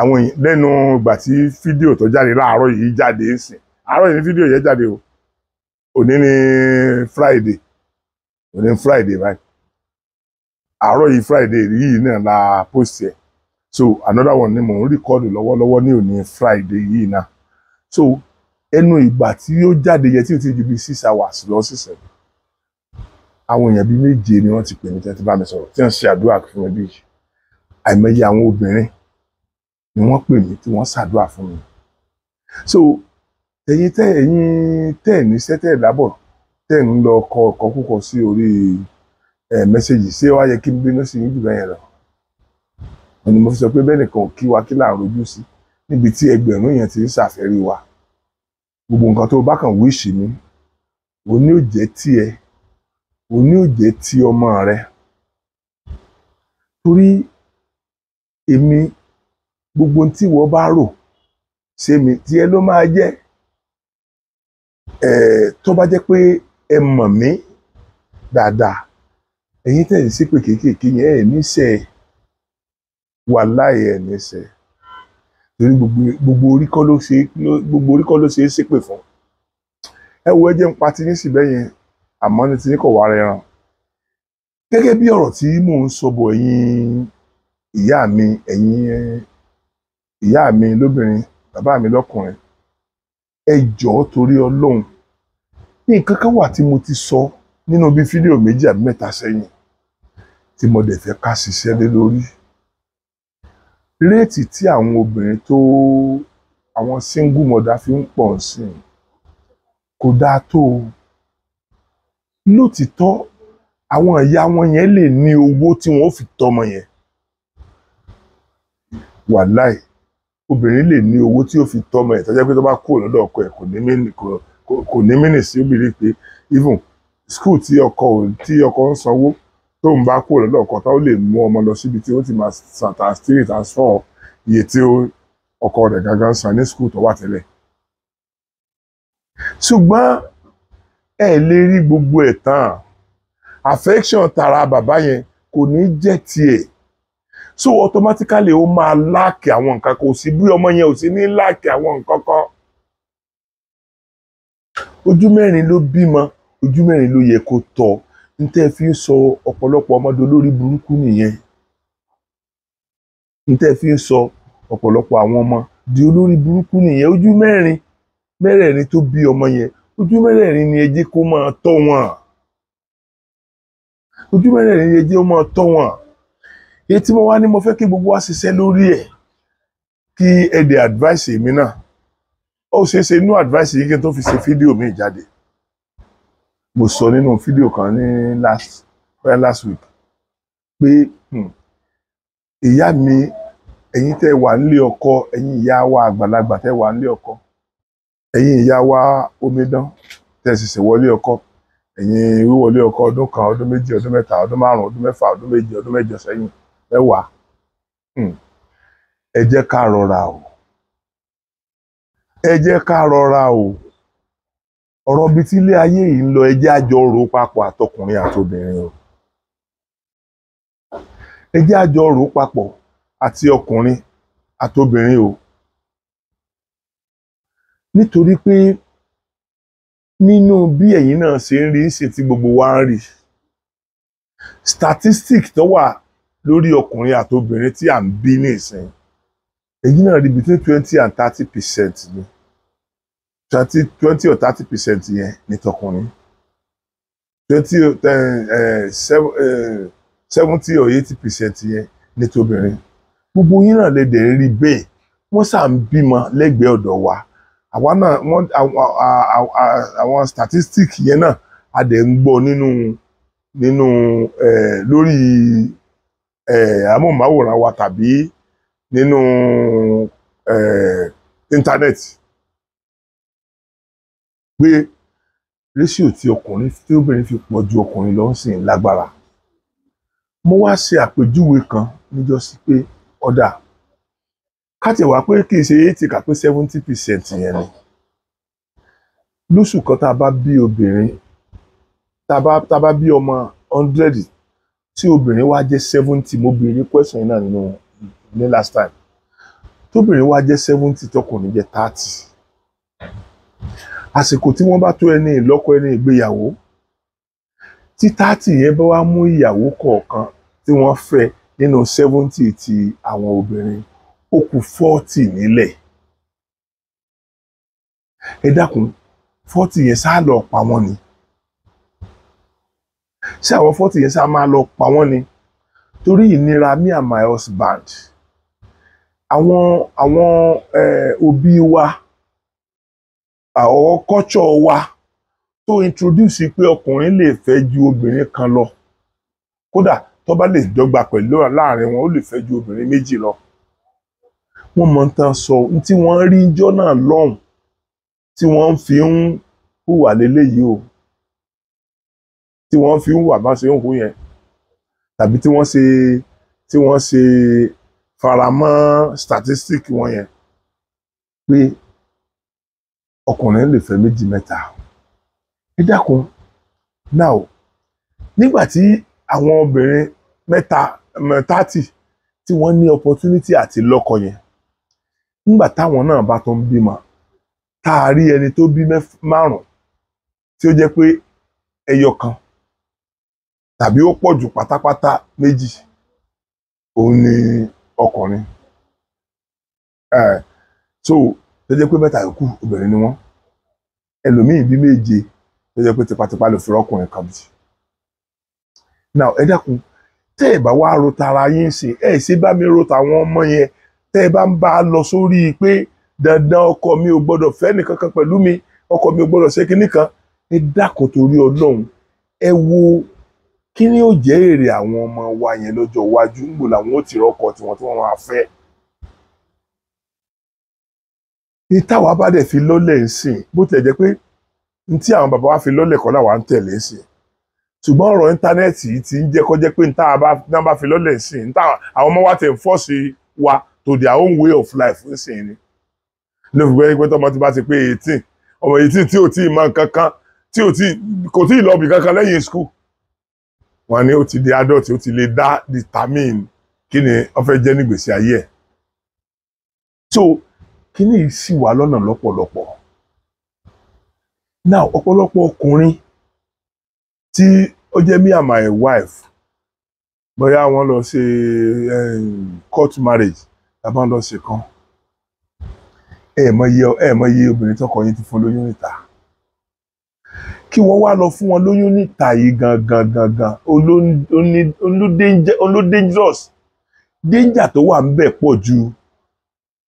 àwọn èèyàn lẹ́nu ìgbà tí fídíò tó jáde láàárọ̀ yìí jáde ń sìn àárọ̀ yìí ni fídíò yẹn jáde o òní ni Friday òní ni Friday báyìí àárọ̀ yìí friday yìí náà la post ẹ̀ so another one ni mò ń rìkọ́dù lọ́wọ́lọ́wọ́ ní òní friday yìí náà so ẹnu ìgbà tí ó jáde yẹ tí o ti ju bíi six hours lọ sí seven àwọn èèyàn bíi méje ni wọ́n ti pè mí tẹ́tí bá mi sọ̀rọ̀ tí wọ́n ṣe àdúrà fún mi bíi àìmọye àwọn obìnrin ni wọ́n pè mí tí wọ́n ṣàdúrà fún mi so ẹ̀yin tẹ́ ẹ̀yin tẹ́ ẹ̀ níṣẹ́ tẹ́ ẹ̀ lábọ̀ tẹ́ ẹ̀ ń lọ kọ ọ̀kọ́ púpọ̀ sí orí ẹ eh, mẹ́sẹ̀gì ṣé wàá yẹ kí n bínú sí yín jù bẹ́ẹ̀ yẹn lọ wọn ni mo fi sọ pé bẹ́ẹ̀ nìkan ò kí wa kí là ń rojú sí níbi tí ẹgbẹ̀rún yẹn ti ń ṣàfẹ́rí wa gbogbo nǹkan tó bá kàn wíṣì ni òní ò jẹ́ tiẹ̀ òní ò jẹ́ ti ọmọ rẹ torí èmi gbogbo tí wọ́n bá rò ṣe mi tiẹ̀ ló máa jẹ́ ẹ̀ eh, tó bá jẹ́ pé ẹ mọ̀ mí dáadáa ẹ̀yin tẹ̀ ń ṣépè kéékèèké yẹn ẹ̀ níṣẹ́ wà láì ẹ̀ níṣẹ́ torí gbogbo orí kọ́ ló ṣe gbogbo orí kọ́ ló ṣe é ṣépè fún ẹ wo ẹjẹ ń pa ti ní síbẹ̀ yẹn àmọ́ ní ti ní kọ̀ wá rẹran gẹ́gẹ́ bí ọ̀rọ̀ tí mò ń sọ bọ̀ ẹ̀yin ìyá mi ẹ̀yin ìyá mi lóbìnrin bàbá mi lọ́kùnrin ẹ jọ̀ọ́ torí ọlọ́run ní nǹkan kan wà tí mo ti sọ nínú bíi fídíò méjì àbí mẹ́ta sẹ́yìn tí mo dẹ̀ fẹ́ ká ṣiṣẹ́ lé lórí. Réètì tí àwọn obìnrin tó àwọn single mother fi ń pọ̀ sí i kò dáa tó o. Lótìítọ́ àwọn ìyá wọn yẹn lè ní owó tí wọ́n fi tọ́mọ yẹn. Wàláì obìnrin lè ní owó tí ó fi tọ́mọ ẹ̀ tọ́jú pé tó bá kúrò lọ́dọ̀ ọkọ ẹ̀ kò ní mí kò ní mí sí obìnrin pé even school tí ọkọ ń sanwó tóun bá kúrò lọ́dọ̀ ọkọ tó lè mú ọmọ lọ síbi tí ó ti máa sàtà still transfer iye tí ọkọ rẹ̀ gangan san ní skul tó wà tẹ́lẹ̀. ṣùgbọ́n ẹ lè rí gbogbo ẹ̀ tán affection tara bàbá yẹn kò ní jẹ́ tiẹ̀ so automatically ó máa láàkì àwọn nǹkan kò sí bí ọmọ yẹn ò sí ní láàkì àwọn nǹkan kan ojú mẹ́rin ló bímọ ojú mẹ́rin ló yẹ kó tọ́ ọ ntẹ́ fi ń sọ ọ̀pọ̀lọpọ̀ ọmọdé olórí burúkú nìyẹn ntẹ́ fi ń sọ ọ̀pọ̀lọpọ̀ àwọn ọmọ di olórí burúkú nìyẹn ojú mẹ́rin mẹ́rẹ̀ẹ̀rin tó bí ọmọ yẹn ojú mẹ́rẹ̀ẹ̀rin ni ẹjẹ́ kó máa tọ́ wọn ojú mẹ́rẹ̀ẹ̀rin ni ẹjẹ́ kó máa tọ́ wọn èyí tí mo wá ní mo fẹ́ kí gbogbo wa ṣiṣẹ́ lórí ẹ̀ kí ẹ dẹ̀ advice mi náà ó ṣeé inú advice yìí kí n tó fi ṣe fídíò mi jáde mo sọ nínú fídíò kan ní last well eh, last week pé hmm, ìyá mi ẹ̀yin tẹ́ wà nílé ọkọ ẹ̀yin ìyá wa àgbàlagbà tẹ́ wà nílé ọkọ ẹ̀yin ìyá wa omidan tẹ́ ṣẹ̀ṣẹ̀ wọlé ọkọ ẹ̀yin wíwọlé ọkọ ọdún kan ọdún méjì ọdún mẹ́ta ọdún márùn-ún ọdún mẹ́fà ọdún méje ọdún mẹ́jọ sẹ́yìn mẹ́wàá hmm, ẹ jẹ́ ká rọra o ẹ jẹ́ ká rọra o ọ̀rọ̀ bíi tí ilé ayé yìí ń lọ ẹjẹ́ àjọ rò papọ̀ àtọkùnrin àtobìnrin o ẹjẹ́ àjọ rò papọ̀ àti ọkùnrin àtobìnrin o nítorí pé nínú bí ẹ̀yin náà ṣe ń rí ṣe tí gbogbo wa ń rí statistic tó wà lórí ọkùnrin àtobìnrin tí à ń bí ní ìsìn náà rí between twenty and thirty percent ni twenty twenty or thirty percent yẹn ní tọkùnrin twenty eh, eh, eh, seventy or eighty percent yẹn ní tobìnrin gbogbo yín náà lè dẹ̀ rí bẹ́ẹ̀ wọ́n sà ń bímọ lẹ́gbẹ̀ẹ́ ọ̀dọ̀ wa àwa náà wọ́n àwọn statistic yẹn náà a dẹ̀ ń gbọ́ nínú nínú lórí amóhùnmáwòrán wa tàbí nínú íńtánẹ́ẹ̀tì pé résíò tí ọkùnrin tí obìnrin fi pọ̀ ju ọkùnrin lọ ń sìn lágbára mo wá ṣe àpèjúwe kan níjọ́sí pé ọ̀dà kátìwá pé kì í ṣe eighty kà seventy percent yẹn ni lóṣù kan tá a bá bí obìnrin tá a bá bí ọmọ hundred tí obìnrin wá jẹ́ seventy mo béèrè question náà nínú ní last time tóbìnrin wá jẹ́ seventy tọkùnrin jẹ́ thirty àsìkò tí wọ́n bá tó ẹni ìlọ́kọ ẹni ìgbéyàwó tí táàtì yẹn bá wá mú ìyàwó kọ̀ọ̀kan tí wọ́n fẹ́ nínú sẹ́fúntì ti àwọn obìnrin ó kù fọ́ọ̀tì nílẹ̀ ẹ dákun fọ́ọ̀tì yẹn sá lọ pa wọ́n ni ṣé àwọn fọ́ọ̀tì yẹn sá máa lọ pa wọ́n ni torí ìnira me and my husband àwọn àwọn eh, òbí wa àwọn culture wa tó introduce pé ọkùnrin lè fẹ́ ju obìnrin kan lọ kódà tó bá lè dọ́gba pẹ̀lú láàrin wọn ó lè fẹ́ ju obìnrin méjì lọ wọ́n mọ̀ tán sọ tí wọ́n rí ijọ́ náà lọ́hùn tí wọ́n fi ń hùwà léléyìí o tí wọ́n fi ń hùwà bá ṣe ń hù yẹn tàbí tí wọ́n ṣe tí wọ́n ṣe faramọ́ statistic wọn yẹn pé ọkùnrin lè fẹ́ méjì mẹ́ta ẹ dákun now nígbà tí àwọn obìnrin mẹ́ta mẹ́tàtì tí wọ́n ní opportunity àti lọ́kọ yẹn nígbà táwọn náà bá tó ń bímọ tá a rí ẹni tó bí márùn tí ó jẹ́ pé ẹyọ kan tàbí ó pọ̀ pátápátá méjì òun ni ọkùnrin ẹ so tó jẹ́ pé mẹ́ta yòókù obìnrin ni wọ́n ẹlòmíì bí méje tó jẹ́ pé tipátipá ló fi rọ́kùnrin kan bì. now ẹ dákun tẹ́ ẹ bá wá ro tara yín ṣe ẹ ṣe bá mi ro tàwọn ọmọ yẹn tẹ́ ẹ bá ń bá a lọ sórí pé dandan ọkọ mi ò gbọ́dọ̀ fẹ́ nìkankan pẹ̀lú mi ọkọ mi ò gbọ́dọ̀ ṣe kinní kan ẹ dákun torí Ọlọ́run ẹ wo kí ni ó jẹ́ èrè àwọn ọmọ wa yẹn lọ́jọ́ iwájú ńgbò làwọn ó ti rọ́kọ tiwọn tí wọ́n máa fẹ́ ní táwa bá dẹ̀ fi lọ́lẹ̀ ń sìn bó tilẹ̀ jẹ́ pé ní tí àwọn bàbá wa fi lọ́lẹ̀ kọ́ làwa ń tẹ̀lé ń sìn ṣùgbọ́n ọ̀rọ̀ íńtánẹ́ẹ̀tì yìí ti ń jẹ́ kó jẹ́ pé ní táwa bá fi lọ́lẹ̀ ń sìn ní táwa àwọn ọmọ wa tẹ̀ ń fọ́ọ̀sì wa to their own way of life ń sìn ni ló fi gbé pé tọmọ ti bá ti pé eighteen ọmọ eighteen tí ò tí ì mọ nǹkan kan tí ò tí kò tí ì lọ bì kankan lẹ́yìn school wọn ni ó ti di adult ó ti lè dá determine kí ni wọ́n fẹ́ jẹ́ nígbèsí ayé ẹ̀ so kíní yìí ṣì wà lọ́nà lọ́pọ̀lọpọ̀ now ọ̀pọ̀lọpọ̀ ọkùnrin tí ó jẹ́ me and my wife bóyá wọ́n lọ ṣe eh, court marriage tàbí wọ́n lọ ṣe kan ẹ̀ẹ̀mọye ẹ̀ẹ̀mọye obìnrin tọkọ yín ti fún lóyún níta kí wọ́n wá lọ fún wọn lóyún níta yìí gangan gangan olódéńjọ́s déńjà tó wà ń bẹ̀ pọ̀ ju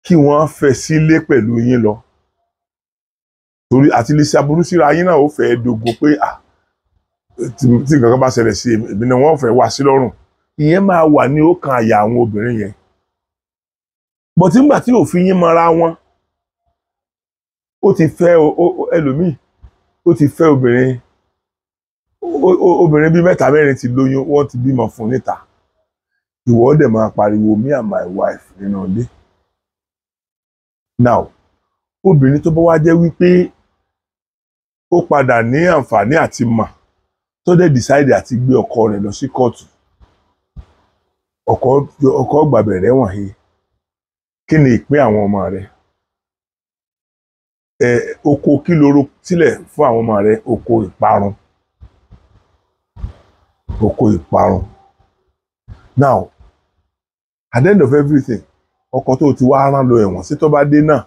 kí wọ́n fẹ́ sílé pẹ̀lú yín lọ torí àti lè ṣe aburú síra yín náà ó fẹ́ dogo pé à ah, tí nǹkan kan bá ṣẹlẹ̀ sí èmi náà wọ́n fẹ́ wá sí lọ́rùn ìyẹn máa wà ní ọkàn àyà àwọn obìnrin yẹn bọ̀tí ńgbà tí òfin yín mọra wọn ó ti fẹ́ ẹlòmíì ó ti fẹ́ obìnrin obìnrin bíi mẹ́ta mẹ́rin ti lóyún wọ́n ti bímọ fún níta ìwọ dẹ̀ máa pariwo me and my wife nínú ilé. You know, now obìnrin tó bá wá jẹ́ wípé ó padà ní àǹfààní àti mọ̀ tó dẹ̀ decide àti gbé ọkọ rẹ̀ lọ sí kóòtù ọkọ ọkọ gbàbẹ̀rẹ̀ wọ̀nyí kí ni ìpín àwọn ọmọ rẹ̀ ẹ oko kí loro sílẹ̀ fún àwọn ọmọ rẹ̀ oko ìparun oko ìparun now at the end of everything ọkọ tó ti wá rán lọ ẹ̀wọ̀n sí tó bá dé náà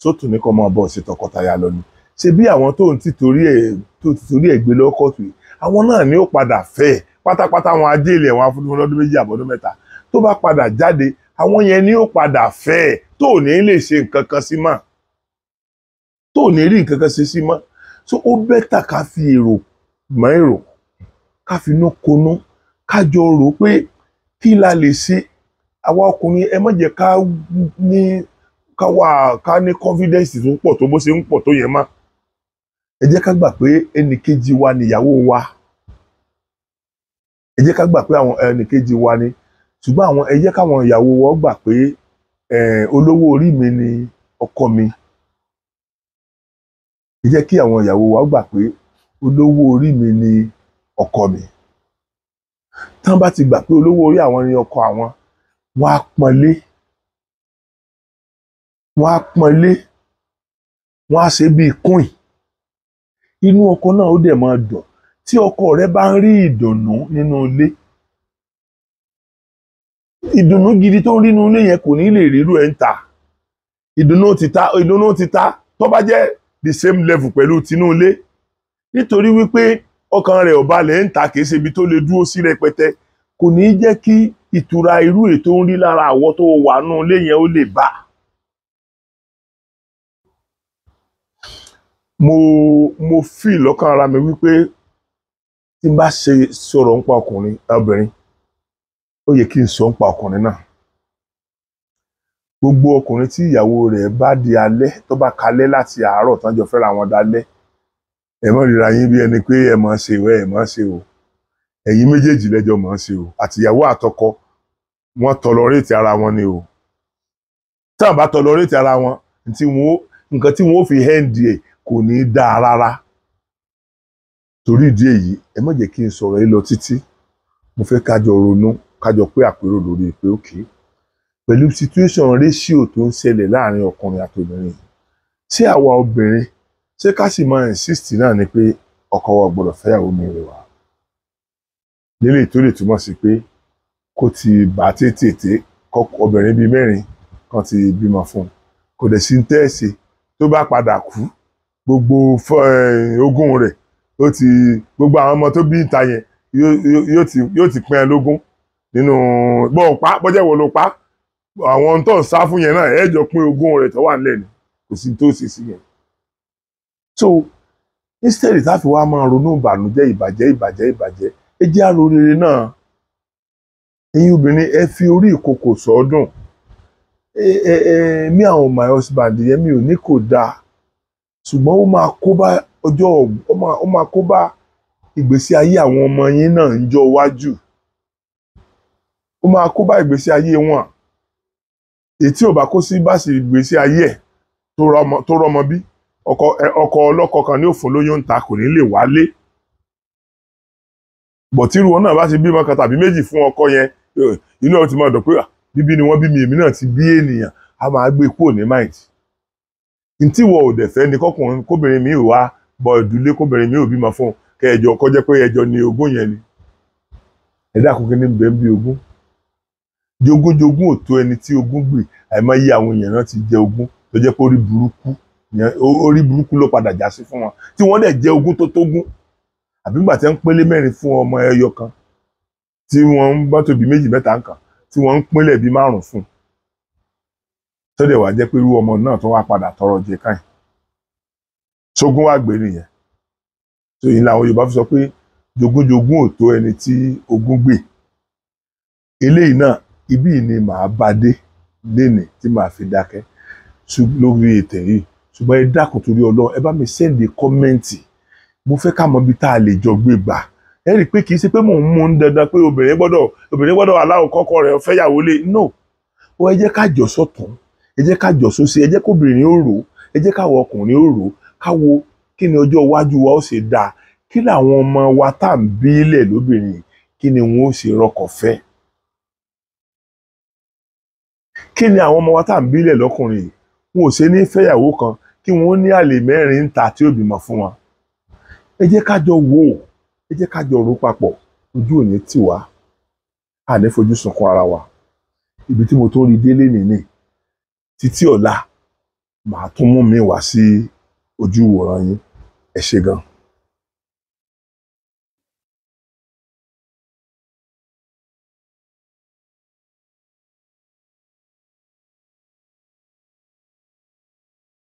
tó tún ní kó máa bọ̀ sí tọkọtaya lọ ni ṣe bí àwọn tó ti torí ẹ̀ tó ti torí ẹ̀ gbé lọ́kọ̀tù yìí àwọn náà ni ó padà fẹ́ pátápátá wọn ajé ilẹ̀ wọn afúnfún lọ́dún méjì àbọ̀dún mẹ́ta tó bá padà jáde àwọn yẹn ni ó padà fẹ́ tó ní lè ṣe nǹkan kan sí mọ́ tó ní rí nǹkan kan ṣe sí mọ́ so ó bẹ́tà ká fi èrò mọ́ èrò ká fi inú konú ká jọ rò pé kí la lè ṣe àwa ọkùnrin ẹ má jẹ́ ká ní ká wà ká ní confidence tó pọ̀ tó bó ṣe ń pọ̀ tó yẹn má ẹ jẹ́ ká gbà pé ẹnìkejì wa nìyàwó wa ẹ jẹ́ ká gbà pé àwọn ẹnìkejì wa ni ṣùgbọ́n àwọn ẹ jẹ́ káwọn ìyàwó wọn gbà pé olówó orí mi ni ọkọ mi ẹ jẹ́ kí àwọn ìyàwó wa gbà pé olówó orí mi ni ọkọ mi tán bá ti gbà pé olówó orí àwọn ni ọkọ àwọn wọ́n á pọ́nlé wọn á pọ́nlé wọ́n á ṣe bíi kúìn inú ọkọ náà ó dẹ̀ máa dùn tí ọkọ rẹ bá ń rí ìdùnnú nínú ilé ìdùnnú gidi tó ń rí nínú ilé yẹn kò ní lè rírú ẹ̀ ń ta ìdùnnú ti ta ìdùnnú ti ta tó bá jẹ́ the same level pẹ̀lú tinú ilé nítorí wípé ọkàn ò balẹ̀ ìtura irú ètò ń rí lára àwọ tó wà nù ilé ó lè bá. mo mo fi lọ́kàn ara mi wípé tí n bá ṣe sọ̀rọ̀ nípa ọkùnrin obìnrin ó yẹ kí n sọ nípa ọkùnrin náà gbogbo ọkùnrin tí ìyàwó rẹ̀ bá di alẹ́ tó bá kalẹ́ láti àárọ̀ tán jọ fẹ́ra wọn dalẹ́ ẹ mọ̀ ríra yín bí ẹni pé ẹ mọ̀ ṣe o ẹ mọ̀ ṣe o ẹ̀yin méjèèjì lẹ́jọ́ mọ̀ ṣe o àtìyàwó àtọkọ wọ́n tọlọréètì ara wọn ni o tí wọ́n bá tọlọréètì ara wọn nǹkan tí wọ́n fi hẹ́ǹdì ẹ̀ e kò ní í dáa rárá torí ìdí èyí ẹ má jẹ́ kí n sọ̀rọ̀ yìí lọ títí mo fẹ́ kájọ ronú kájọ pé àpérò lórí pé òkè pẹ̀lú situation ratio tó ń ṣẹlẹ̀ láàrin ọkùnrin àtòbìnrin ṣé àwa obìnrin ṣé ká sì máa insist náà ni pé ọkọ wa gbọ́dọ̀ fẹ́yàwó mẹ́rin wa nílé tó lè túmọ̀ sí pé kó ti bà tètè obìnrin bíi mẹ́rin kan ti bímọ fún un kò dẹ̀ sí ń tẹ́ẹ̀sì tó bá padà kú gbogbo ogún rẹ̀ ó ti gbogbo àwọn ọmọ tó bí ìta yẹn yóò ti pín ẹ lógún nínú bọ́ọ̀ pa bọ́jẹ́ wo ló pa àwọn tó ń sá fún yẹn náà ẹ jọ pín ogún rẹ̀ tó wà nílẹ̀ ni kò sí tó ṣe sí yẹn. so instead láti wá máa ronú ìbànújẹ́ ìbàjẹ́ ìbàjẹ́ ìbàjẹ́ ẹ jẹ́ àrò náà ẹ̀yin obìnrin ẹ fi orí ìkòkò sọ́dún ẹ ẹ ẹ mi àwọn my husband yẹn mi ò ní kò dáa ṣùgbọ́n ó máa kó bá ọjọ́ ó máa kó bá ìgbésí ayé àwọn ọmọ yín náà ń jọ wájú ó máa kó bá ìgbésí ayé wọn ètí ò bá kó sí bá sì ìgbésí ayé ẹ̀ tó rọmọ bí ọkọ ọlọkọ kan ní òfin lóyún ta kò ní lè wálé bọ̀tírù wọn náà bá ti bímọ kan tàbí méjì fún ọkọ yẹn inú ọtí máa dọ̀ pé ah, bíbí ni wọ́n bí mi èmi náà ti bí ènìyàn a máa gbé kúrò ní mind ntí wọ ò dẹ̀ fẹ́ ni kọkùnrin kóbìnrin mi wá bọ ìdúlé kóbìnrin mi ò bímọ fún kẹjọ kọjá pé ẹjọ ni ogún yẹn ni ẹ̀dá kò kíní bẹ́ẹ̀ bí ogún jogúnjogún ò tó ẹni tí ogún gbè àìmọye àwọn èèyàn náà ti jẹ ogún tó jẹ́ pé orí burúkú orí burúkú ló padà já sí fún wọn tí wọ́n dẹ̀ jẹ ogún tó tógún àbí gbà tẹ́ ń pélé mẹ́rin fún ọmọ ẹyọ kan tí wọ́n ń bá tóbi méjì mẹ́ta nǹkan tí wọ́n ń pínlẹ̀ bíi márùn fún un tó dẹ̀ wá jẹ́ pé irú ọmọ náà tó wá padà tọrọ jẹ káyìn sógun wá gbé nìyẹn tó yìí làwọn Yorùbá fi sọ pé jogúnjogún ò tó ẹni tí ogún gbè eléyìí náà ibí ni màá bá dé lénìí tí màá fi dákẹ́ lórí ètè yìí ṣùgbọ́n ẹ dákun torí Ọlọ́run ẹ bá mi sẹ́ndì kọ́mẹ́ǹtì mo fẹ́ ká mọ ibi tá a lè jọ gbé gbà. ẹ rí i pé kì í pé mò ń mú dandan pé obìnrin gbọ́dọ̀ obìnrin gbọ́dọ̀ aláwọ̀ kọ́kọ́ rẹ̀ fẹ́yàwó lé no ó ẹ jẹ́ ká jọ̀sọ̀ ẹ jẹ́ ọkùnrin ó rò káwo kí ni ọjọ́ iwájú wa ó ṣe dáa kí làwọn ni àwọn ọmọ wa ń kí ní àlè mẹ́rin ń ta tí ẹ jẹ́ ká jọ rò papọ̀ ojú ò ní tì wá a ní fojú sunkún ara wa ibi tí mo tó rí délé nìní títí ọ̀la màá tún mú mi wá sí ojú wòran yín ẹ ṣé gan-an.